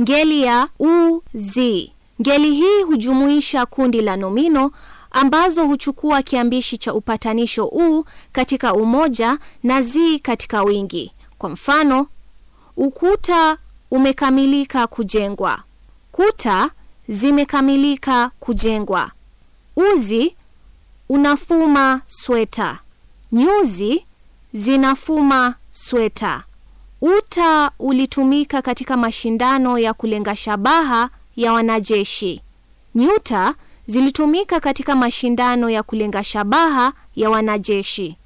Ngeli ya uzi. Ngeli hii hujumuisha kundi la nomino ambazo huchukua kiambishi cha upatanisho u katika umoja na z katika wingi. Kwa mfano, ukuta umekamilika kujengwa. Kuta zimekamilika kujengwa. Uzi unafuma sweta. Nyuzi zinafuma sweta. Uta ulitumika katika mashindano ya kulenga shabaha ya wanajeshi. Nyuta zilitumika katika mashindano ya kulenga shabaha ya wanajeshi.